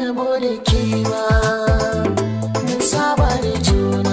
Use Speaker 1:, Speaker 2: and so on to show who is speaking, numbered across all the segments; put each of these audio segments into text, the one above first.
Speaker 1: rabo da kima ba mun saba da juna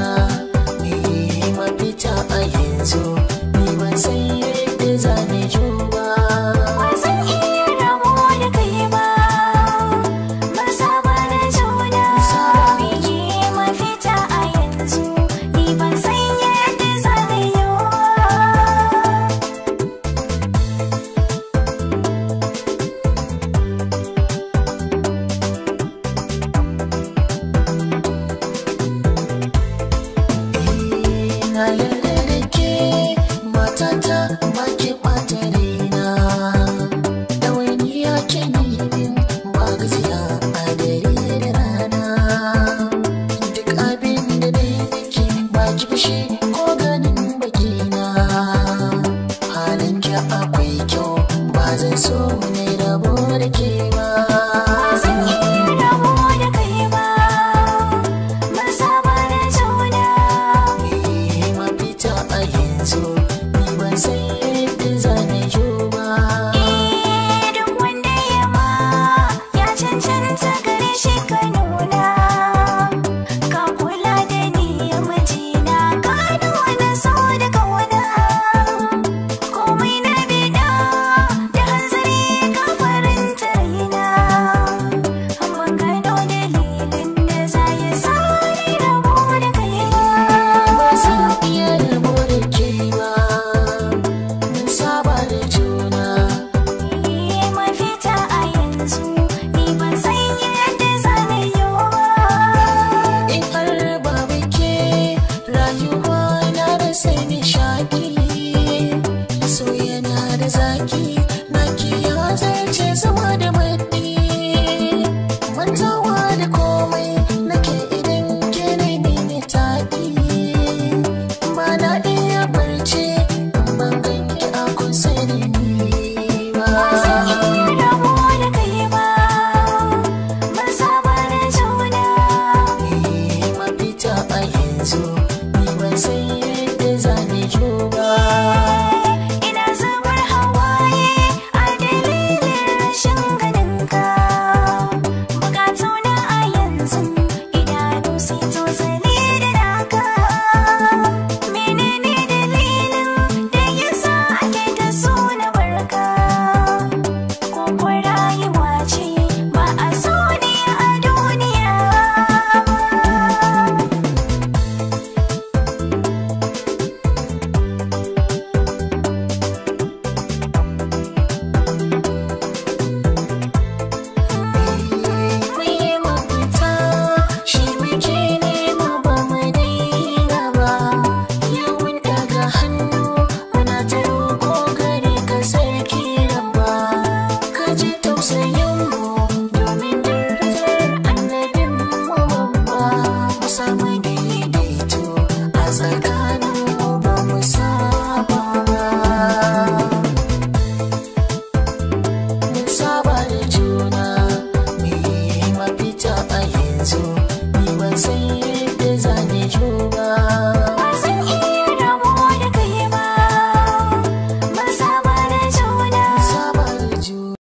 Speaker 1: tausayin mu